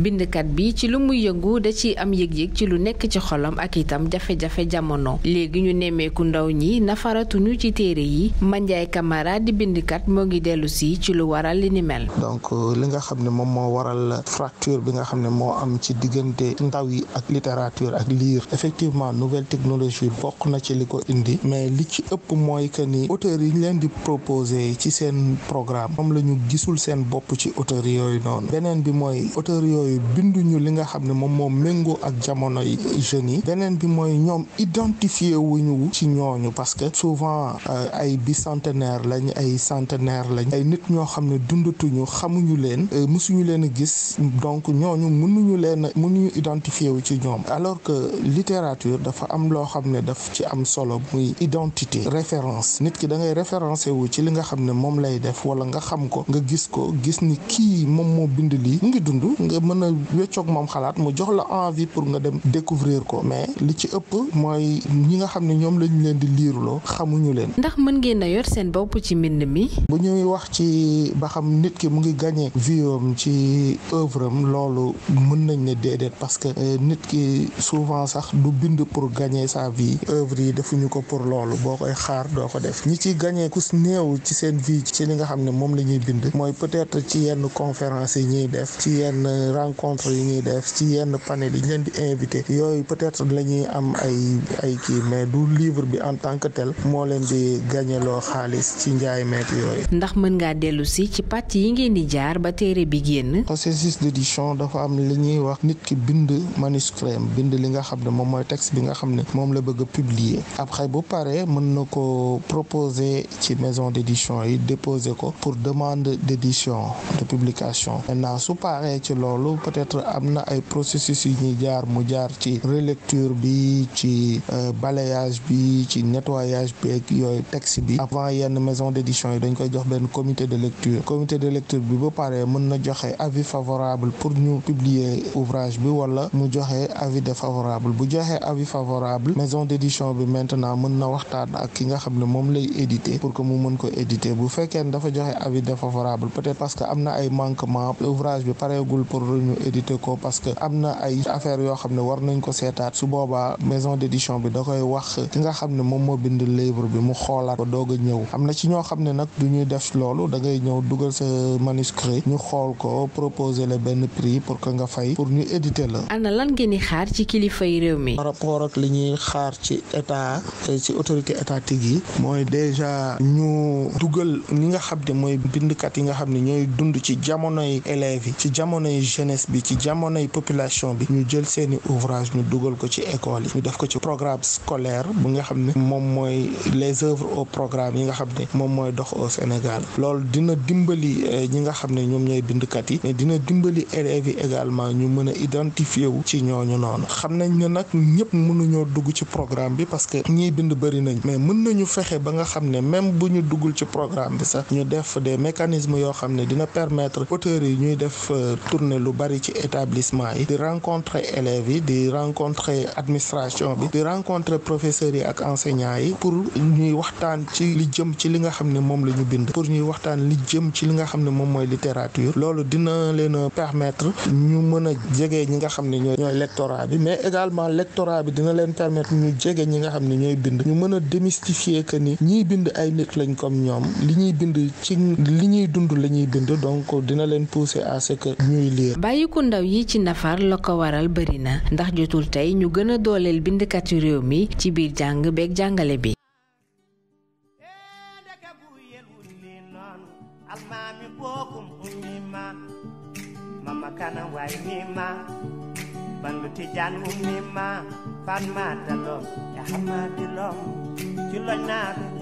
bindkat bi ci lu mu yëngu da ciy am yëg-yëg ci lu nekk ci xolam ak itam jafe-jafe jamono léegi ñu nemmeeku ndaw ñi nafaratuñu ci téere yi Mandiaye Camara di bindkat moo ngi dellu si ci lu waral li ni mel. donc euh, li nga xam ne moom moo waral fracture bi nga xam ne moo am ci diggante ndaw yi ak littérature ak lire effectivement nouvelle technologie bokk na ci li ko indi mais li ci ëpp mooy que ni auteurs yi ñu leen di proposer ci seen programme moom la ñu gisul seen bopp ci auteurs yooyu binduñu li nga xam ne moom moo méngoo ak jamono yi jeunes yi beneen bi mooy ñoom identifié wuñu ci ñooñu parce que souvent euh, ay bi bicentenaire lañ ay centenaire lañ ay nit ñoo xam ne dundatuñu xamuñu leen euh, mësuñu leen gis donc ñooñu mënuñu leen a mënuñu identifié wu ci ñoom alors que littérature dafa am loo xam ne daf ci am solo muy identité référence nit ki da ngay référencé wu ci li nga xam ne moom lay def wala nga xam ko nga gis ko gis ni kii moom moo bind lii mu ngi dund nga mën mën a moom xalaat mu jox la envie pour nga dem découvrir ko mais li ci ëpp mooy ñi nga xam ne ñoom lañ leen di liiruloo xamuñu leen. ndax mën ngeen a yor seen bopp ci mbind mi. bu ñuy wax ci ba xam nit ki mu ngi gañee vie am ci œuvre am loolu mën nañ ne déedéet parce que euh, nit ki souvent sax du bind pour gagner sa vie œuvre yi defuñu ko pour loolu boo koy xaar doo ko def ñi ci gagné ku néew ci seen vie ci li nga xam ne moom la ñuy bind mooy peut-être ci yenn conférence yi ñuy rencontre yi ñuy def ci yenn panel yi ñu leen di invité yooyu peut-être la ñuy am ay ay kii mais du livre bi en tant que tel moo leen di gañeloo xaalis ci njaay meek yooyu. ndax mën ngaa dellu si ci pàcc yi ngeen di jaar ba téere bi génn. processus d'édition dafa am li ñuy wax nit ki bind manuscrit bind li nga xam ne moom mooy texte bi nga xam ne moom la bëgg a publier après bu paree mën na ko proposer ci maison d'édition yi déposer ko pour demande d'édition de publication peut-être am na ay processus yu ñuy jaar mu jaar ci relecture bi ci euh, balayage bi ci nettoyage bi ak yooyu texte bi avant yenn maison d'édition yi dañ koy jox benn comité de lecture comité de lecture bi ba pare mën na joxe avis favorable pour ñu publier ouvrage bi wala mu joxe avis favorable bu joxe avis favorable maison d'édition bi maintenant mën na waxtaan ak ki nga xam ne moom lay éditer pour que mu mën ko éditer bu fekkee ne dafa joxe avis défavorable peut-être parce que am na ay manquement ouvrage bi pareegul pour ñu édité ko parce que am na ay affaire yoo xam ne war nañ ko seetaat su boobaa maison d'édition bi da koy wax ki nga xam ne moom moo bind livre bi mu xoolaat ko doog a ñëw am na ci ñoo xam ne nag du ñuy def loolu da ngay ñëw dugal sa manuscrit ñu xool ko proposer la benn prix pour que nga fay pour ñu la. lan ngeen di xaar ci kilifa yi réew mi. ak li ñuy xaar ci état euh, ci autorité étatique yi mooy déjà ñu dugal ñi nga xam ne mooy bindkat yi nga xam ne ñooy dund ci jamonoy élèves yi ci jamonoy jeunesse jeunesse bi ci jamonoy population bi ñu jël seeni ouvrage ñu dugal ko ci école yi ñu def ko ci programme scolaire bu nga xam ne moom mooy les œuvres au yi nga xam ne moom mooy dox au Sénégal lool dina dimbali euh, ñi nga xam ne ñoom ñooy bindkat yi mais dina dimbali élèves yi également ñu mën a identifier wu ci ñooñu noonu xam nañ ne nag ñëpp mënuñoo dugg ci programme bi parce que ñiy bind bëri nañ mais mën nañu fexe ba nga xam ne même bu ñu duggul ci programme bi sax ñu def des mécanismes yoo xam ne dina yi ñuy euh, bari ci établissement yi di rencontrer élèves yi di rencontrer administration bi di rencontrer professeurs yi ak enseignants yi pour ñuy waxtaan ci li jëm ci li nga xam ne moom la ñu bind pour ñuy waxtaan li jëm ci li nga xam ne moom mooy littérature loolu dina leen a ñu mën a jege ñi nga xam ne ñooy ñooy lectorat bi mais également lectorat bi dina leen permettre ñu jege ñi nga xam ne ñooy bind ñu mën a démystifier que ni ñiy bind ay nit lañ comme ñoom li ñuy ci li dund la ñuy bàyyiku ndaw yi ci nafar la ko waral bari na ndax jotul tey ñu gën a dooleel bindkat réew mi ci biir jàng beeg jàngale bi. bandu tijaan ummi ma fan ma dalom ya hamma dilom jullo naabe